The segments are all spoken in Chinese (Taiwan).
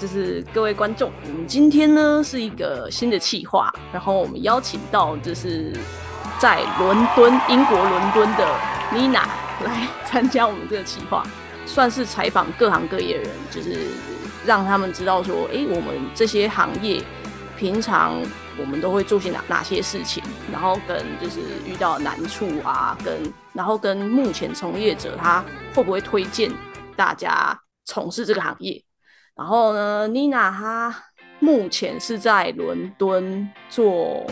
就是各位觀眾，我們今天呢是一個新的企劃，然後我們邀請到就是在倫敦，英國倫敦的 Nina 來參加我們這個企劃，算是採訪各行各業的人，就是讓他們知道說，哎、欸，我們這些行業平常我們都會做些哪哪些事情，然後跟就是遇到的難處啊，跟然後跟目前從業者他會不會推薦大家從事這個行業。然後呢，Nina 她目前是在倫敦做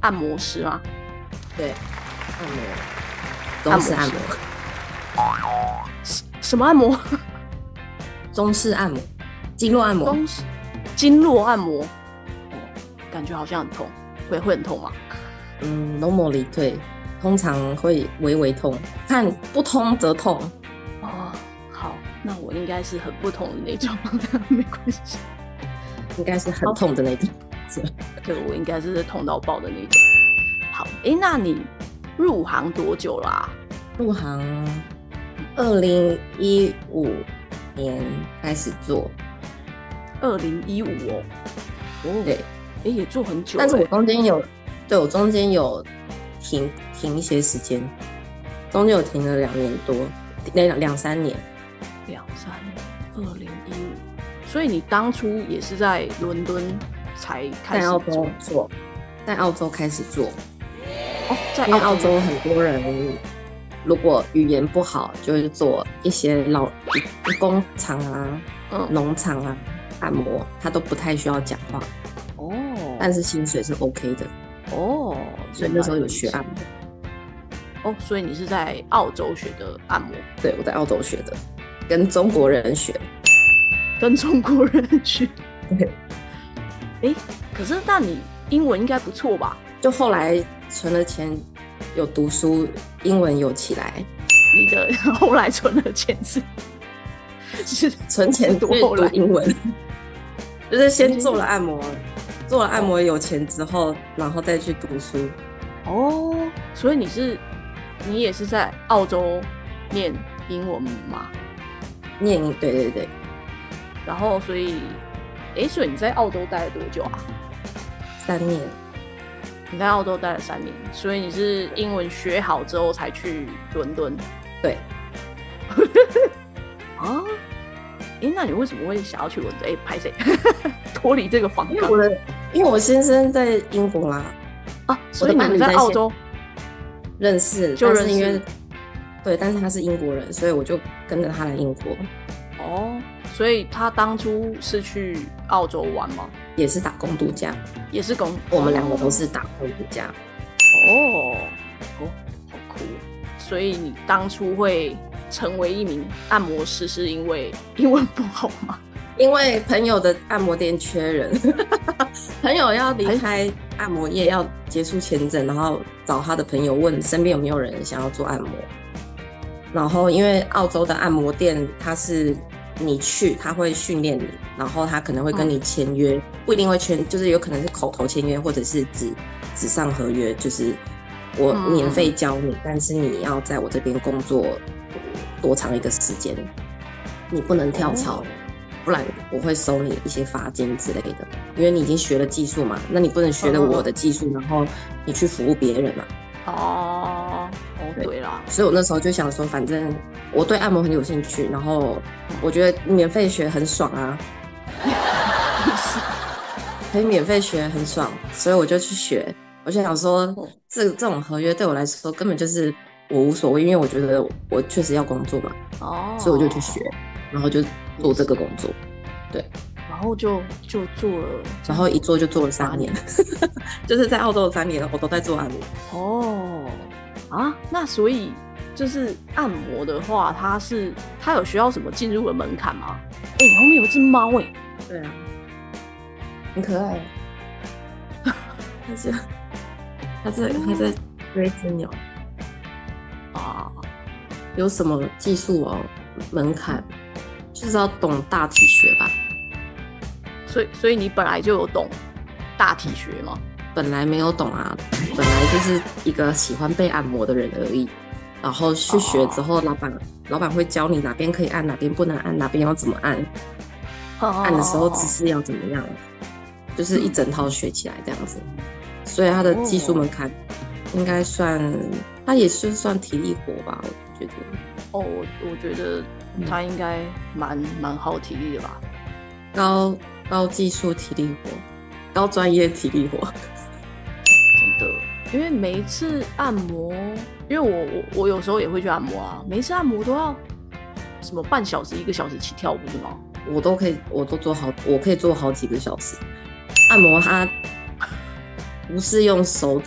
按摩師嗎？對，按摩，中式按摩。什什麼按摩？中式按摩，經絡按摩。中，中式經絡按摩，嗯，感覺好像很痛，腿會，會很痛嗎？嗯，normally 腿，通常會微微痛，看不通則痛。那我應該是很不同的那種的，沒關係， 應該是很痛的那種，Okay. 是吧對，我應該是痛到爆的那種。好，誒、欸，那你入行多久啦、啊？入行二零一五年開始做，二零一五哦，哦、嗯、對，誒、欸，也做很久、欸，但是我中間有對我中間有停停一些時間，中間有停了兩年多，那兩兩三年。兩三年，二零一五，所以你當初也是在倫敦才開始做，在澳洲做，在澳洲開始做，哦、在澳因為澳洲很多人如果語言不好，就是做一些老一，工廠啊、農場啊、嗯、按摩，他都不太需要講話哦，但是薪水是 OK 的哦，所以那時候有學按摩哦，所以你是在澳洲學的按摩，對，我在澳洲學的。跟中國人學，跟中國人學。對。哎，可是那你英文應該不錯吧？就後來存了錢，有讀書，英文有起來。你的後來存了錢是？存錢讀後來英文。就是先做了按摩，做了按摩有錢之後，吧，然後再去讀書。哦，所以你是你也是在澳洲念英文嗎？念對對對，然後所以，哎，所以你在澳洲待了多久啊？三年，你在澳洲待了三年，所以你是英文學好之後才去倫敦？對， 啊，哎，那你為什麼會想要去倫敦？哎，拍誰？脫 離這個房子，因為我先生在英國啦，啊，所以你們在澳洲認識，就、啊、是因為認。對，但是他是英國人，所以我就跟着他來英國。哦，所以他當初是去澳洲玩嗎？也是打工度假，也是工。我們兩個都是打工度假。哦，哦，好酷。所以你當初會成為一名按摩師，是因為英文不好嗎？因為朋友的按摩店缺人， 朋友要離開按摩業要結束簽證，然後找他的朋友問身邊有沒有人想要做按摩。然後，因為澳洲的按摩店，它是你去，他會訓練你，然後他可能會跟你簽約，不一定會簽，就是有可能是口頭簽約或者是紙，紙上合約，就是我免費教你，嗯、但是你要在我這邊工作多長一個時間，你不能跳槽，嗯、不然我會收你一些罰金之類的，因為你已經學了技術嘛，那你不能學了我的技術，哦、然後你去服務別人嘛？哦。對，所以我那時候就想說，反正我對按摩很有興趣，然後我覺得免費學很爽啊， 是可以免費學很爽，所以我就去學。我就想說，這，這這種合約對我來說根本就是我無所謂，因為我覺得我，我確實要工作嘛，哦，所以我就去學，然後就做這個工作，對，然後就就做了，然後一做就做了三年， 就是在澳洲的三年，我都在做按摩，哦。啊，那所以就是按摩的話他，它是它有需要什麼進入的門檻嗎？欸？然後面有隻貓誒。對啊，很可愛。它 是它在它在追隻鳥。啊，有什麼技術哦、啊？門檻就是要懂大體學吧？所以所以你本來就有懂大體學嗎？本來沒有懂啊，本來就是一個喜歡被按摩的人而已。然後去學之後老闆，oh，老板老板會教你哪邊可以按，哪邊不能按，哪邊要怎麼按，oh、按的時候姿勢要怎麼樣，oh、就是一整套學起來這樣子。所以他的技術門檻應該算，他也是算體力活吧？我覺得。哦、oh，我我覺得他應該蠻蠻耗體力的吧。高高技術體力活，高專業體力活。因為每一次按摩，因為我我我有時候也會去按摩啊，每一次按摩都要什麼半小時、一個小時起跳是嗎？我都可以，我都做好，我可以做好幾個小時按摩。它不是用手，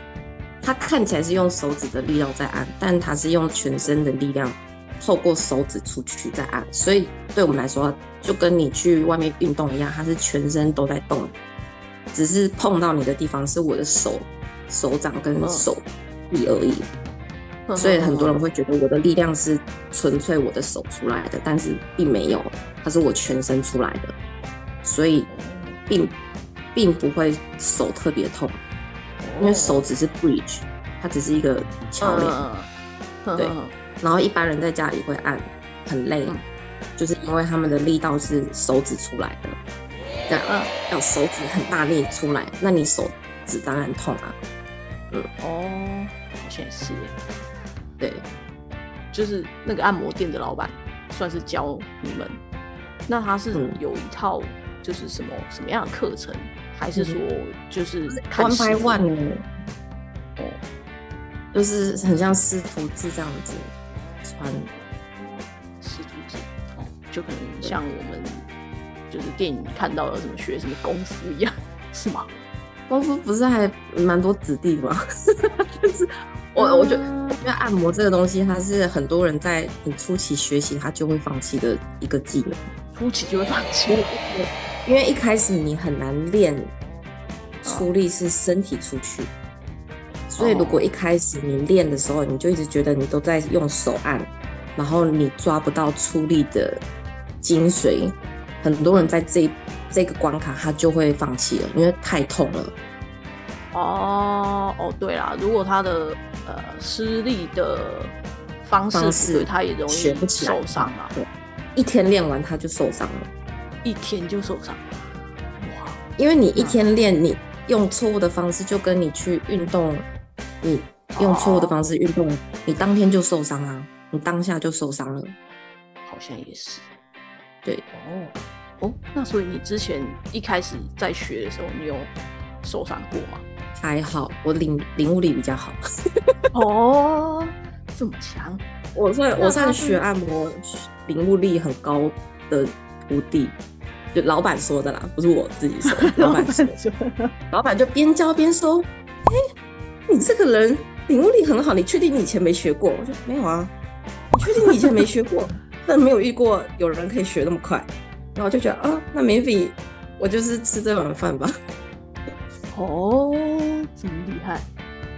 它看起來是用手指的力量在按，但它是用全身的力量透過手指出去在按。所以對我們來說，就跟你去外面運動一樣，它是全身都在動，只是碰到你的地方是我的手。手掌跟手臂而已，所以很多人會覺得我的力量是純粹我的手出來的，但是並沒有，它是我全身出來的，所以並並不會手特別痛，因為手只是 bridge，它只是一個橋樑，對。然後一般人在家裡會按很累，就是因為他們的力道是手指出來的，對，要手指很大力出來，那你手指當然痛啊。嗯、哦，好像是，對，就是那個按摩店的老闆算是教你們，那他是有一套就是什麼、嗯、什麼樣的課程，還是說就是開、嗯、拍萬哦，就是很像師徒制這樣子穿。師、嗯嗯、徒制哦，嗯、就可能像我們對就是電影看到了什麼學什麼功夫一樣，是嗎？功夫不是還蠻多子弟嗎？ 就是我，我覺得，因為按摩這個東西，它是很多人在你初期學習，他就會放棄的一個技能。初期就會放棄，因為一開始你很難練，出力是身體出去，哦、所以如果一開始你練的時候，你就一直覺得你都在用手按，然後你抓不到出力的精髓，很多人在這。這個關卡他就會放棄了，因為太痛了。哦哦，對啦，如果他的呃施力的方式，方式不他也容易受傷了。對，一天練完他就受傷了。一天就受傷？哇！因為你一天練，你用錯誤的方式，就跟你去運動，你用錯誤的方式運動，哦、你當天就受傷啊！你當下就受傷了。好像也是。對。哦。哦，那所以你之前一開始在學的時候，你有受傷過嗎？還好，我領領悟力比較好。 哦，這麼強！我算我算學按摩領悟力很高的徒弟，就老闆說的啦，不是我自己說。的， 老闆說，的 闆就。 老闆就邊教邊說：“哎、欸，你這個人領悟力很好，你確定你以前沒學過？”我說：“沒有啊，你確定你以前沒學過？ 但沒有遇過有人可以學那麼快。”然後就覺得啊，那免 e 我就是吃這碗飯吧。哦，這麼厲害。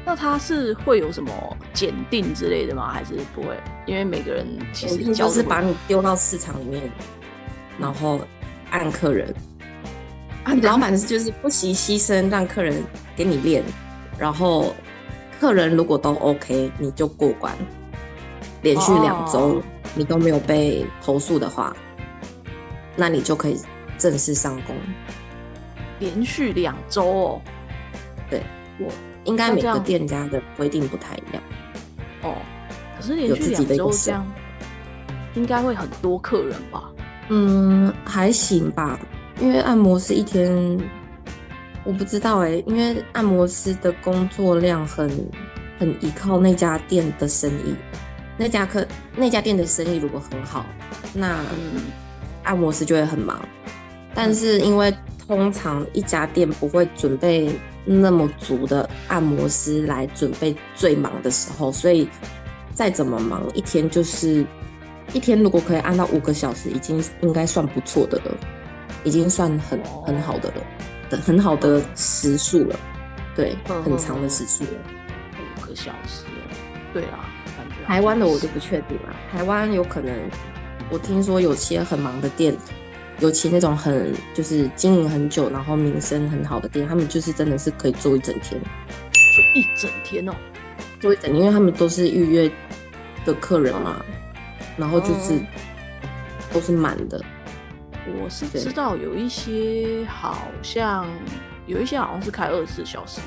那他是會有什麼檢定之類的嗎？還是不會？因為每個人其實就是把你丟到市場裡面，然後按客人，啊，老板就是不惜犧牲讓客人給你練，然後客人如果都 OK，你就過關。連續兩周、哦、你都沒有被投訴的話。那你就可以正式上工，連續兩周哦。對，我應該每個店家的規定不太一樣。哦，可是連續兩周這樣，應該會很多客人吧？嗯，還行吧。因為按摩師一天，我不知道誒、欸，因為按摩師的工作量很很依靠那家店的生意。那家客那家店的生意如果很好，那嗯。按摩師就會很忙，但是因為通常一家店不會準備那麼足的按摩師來準備最忙的時候，嗯、所以再怎麼忙，一天就是一天，如果可以按到五個小時，已經應該算不錯的了，嗯、已經算很很好的了，哦、的很好的時數了，嗯、對，很長的時數，了、嗯嗯嗯嗯嗯嗯，五個小時了，對啊，台灣的我就不確定了、啊，台灣有可能。我聽說有些很忙的店，尤其那種很就是經營很久，然後名聲很好的店，他們就是真的是可以做一整天，做一整天哦，做一整天，因為他們都是預約的客人嘛，然後就是、嗯、都是滿的。我是對知道有一些好像有一些好像是開二十四小時，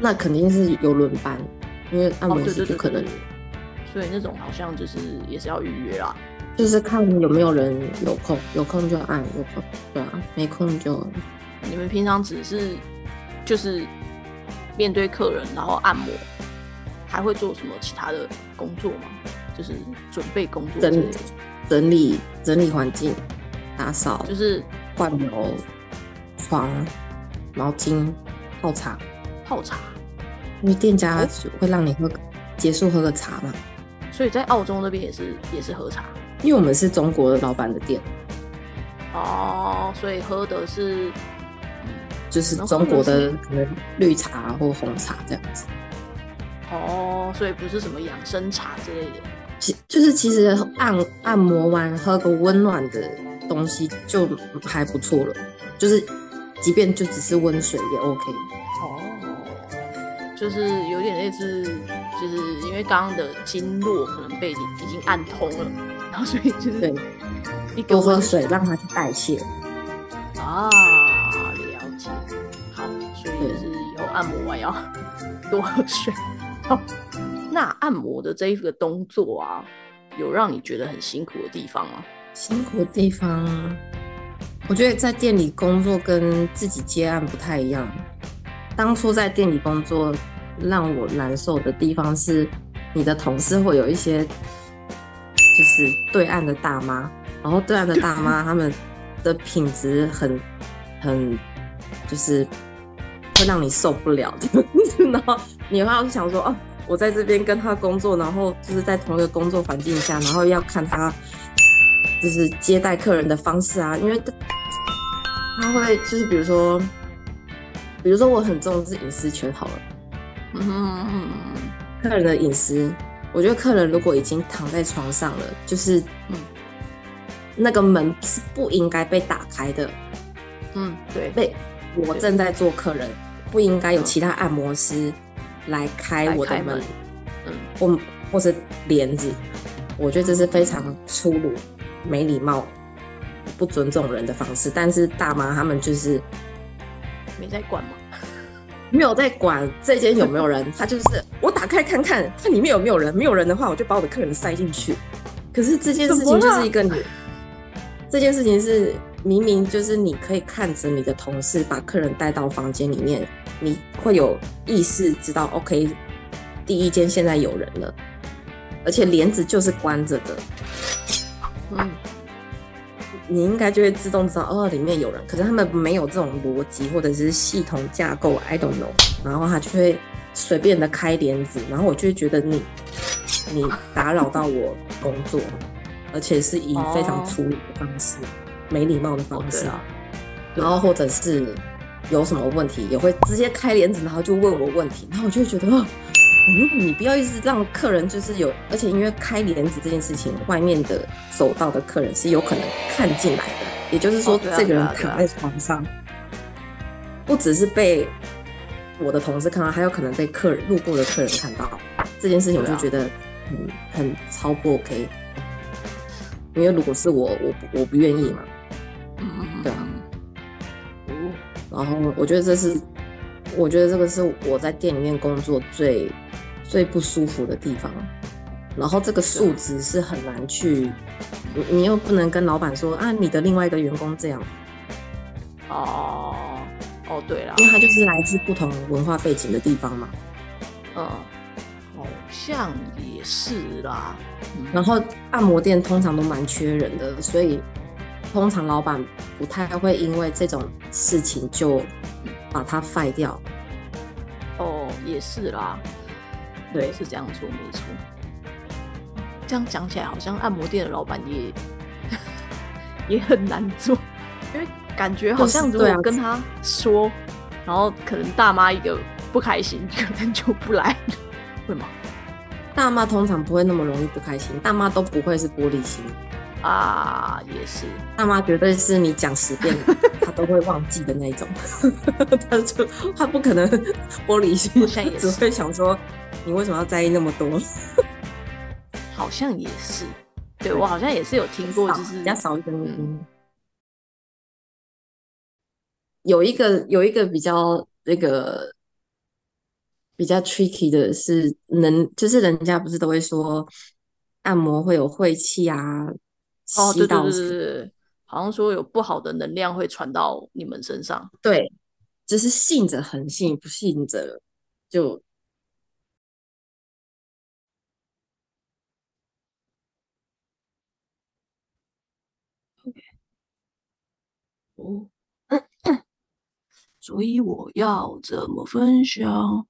那肯定是有輪班，因為按摩師就可能，所以那種好像就是也是要預約啊。就是看有沒有人有空，有空就按，有空對啊，沒空就。你們平常只是就是面對客人，然後按摩，還會做什麼其他的工作嗎？就是準備工作整。整理、整理、整理環境，打掃，就是換油、床、毛巾、泡茶。泡茶，因為店家會讓你喝結束喝個茶嘛。所以在澳洲那邊也是也是喝茶。因為我們是中國的老板的店，哦，oh, 所以喝的是就是中國的可能綠茶或紅茶這樣子，哦，oh, 所以不是什麼養生茶之類的，其實就是其實按按摩完喝個溫暖的東西就還不錯了，就是即便就只是溫水也 OK，哦，oh, 就是有點類似，就是因為剛剛的經絡可能被你已經按通了。然後、啊、所以就是對你喝多喝水，讓它去代謝。啊，了解。好，所以是有按摩，要多喝水。好，那按摩的這一個動作啊，有讓你覺得很辛苦的地方嗎？辛苦的地方、啊，我覺得在店裡工作跟自己接案不太一樣。當初在店裡工作讓我難受的地方是，你的同事會有一些。就是對岸的大媽，然後對岸的大媽，他們的品質很很，就是會讓你受不了的。然後你會話，想說，哦、啊，我在這邊跟他工作，然後就是在同一個工作環境下，然後要看他就是接待客人的方式啊，因為他會就是比如說，比如說我很重視隱私權好了，嗯哼哼，客人的隱私。我覺得客人如果已經躺在床上了，就是，那個門是不應該被打開的。嗯，對，被我正在做客人，不應該有其他按摩師來開我的門。嗯，嗯或或是簾子，嗯，我覺得這是非常粗魯、沒禮貌、不尊重人的方式。但是大媽他們就是沒在管嘛。沒有在管這間有沒有人， 他就是我打開看看，它裡面有沒有人，沒有人的話，我就把我的客人塞進去。可是這件事情就是一個，你這件事情是明明就是你可以看着你的同事把客人帶到房間裡面，你會有意識知道，OK，第一間現在有人了，而且簾子就是關着的，嗯。你應該就會自動知道，哦，裡面有人，可是他們沒有這種邏輯或者是系統架構，I don't know。然後他就會隨便的開簾子，然後我就會覺得你你打擾到我工作，而且是以非常粗魯的方式。Oh. 沒禮貌的方式啊。Oh, 然後或者是有什麼問題也會直接開簾子，然後就問我問題，然後我就會覺得。哦嗯，你不要一直讓客人就是有，而且因為開簾子這件事情，外面的走道的客人是有可能看進來的。也就是說，哦啊、這個人躺在床上，啊啊、不只是被我的同事看到，還有可能被客人路過的客人看到。這件事情我就覺得很、啊、很超不 OK，因為如果是我，我我不願意嘛。嗯，對啊。嗯、然後我覺得這是，我覺得這個是我在店裡面工作最。最不舒服的地方，然後這個數值是很難去，嗯、你又不能跟老闆說啊，你的另外一個員工這樣，哦，哦，對了，因為他就是來自不同文化背景的地方嘛，嗯，好像也是啦，然後按摩店通常都蠻缺人的，所以通常老闆不太會因為這種事情就把他 fire 掉，哦，也是啦。對，是這樣做沒錯。這樣講起來，好像按摩店的老闆也也很難做，因為感覺好像如果跟他說，啊、然後可能大媽一個不開心，可能就不來了，會嗎？大媽通常不會那麼容易不開心，大媽都不會是玻璃心啊，也是大媽，絕對是你講十遍， 他都會忘記的那種， 他就他不可能玻璃心，也是只會想說。你為什麼要在意那麼多？ 好像也是，對，我好像也是有聽過，就是人家少，少一根，嗯。有一個有一個比較那個比較 tricky 的是能，就是人家不是都會說按摩會有晦氣啊？哦，就對對，對對，好像說有不好的能量會傳到你們身上。對，就是信者恆信，不信者就。哦、oh, 所以我要怎麼分享？